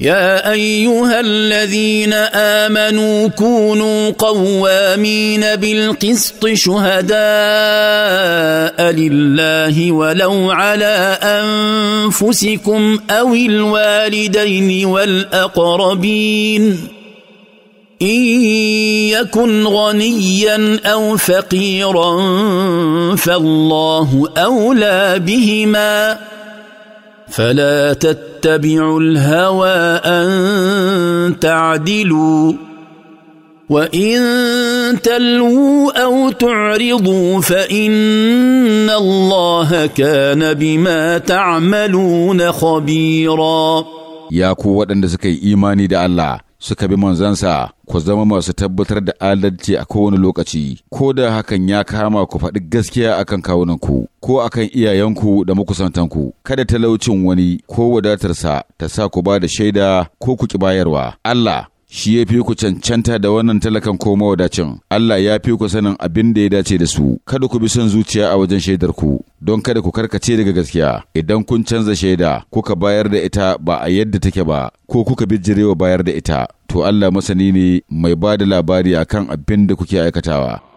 يا ايها الذين امنوا كونوا قوامين بالقسط شهداء لله ولو على انفسكم او الوالدين والاقربين ان يكن غنيا او فقيرا فالله اولى بهما فلا تتبعوا الهوى ان تعدلوا وان تلووا او تعرضوا فان الله كان بما تعملون خبيرا يا قوه ان ايماني دا الله suka bi manzansa ku zama masu tabbatar da adalci a kowane lokaci ko da hakan ya kama ku faɗi gaskiya akan kawunanku ko akan iyayenku da makusantanku kada talaucin wani ko wadatarsa ta sa ku ba da shaida ko ku ki bayarwa Allah shi ya fi ku cancanta da wannan talakan ko mawadacin Allah ya fi ku sanin abin da ya dace da su kada ku bi son zuciya a wajen shaidar ku don kada ku karkace daga gaskiya idan kun canza shaida kuka bayar da ita ba a yadda take ba ko kuka bijirewa bayar da ita to Allah masani ne mai ba da labari akan abin da kuke aikatawa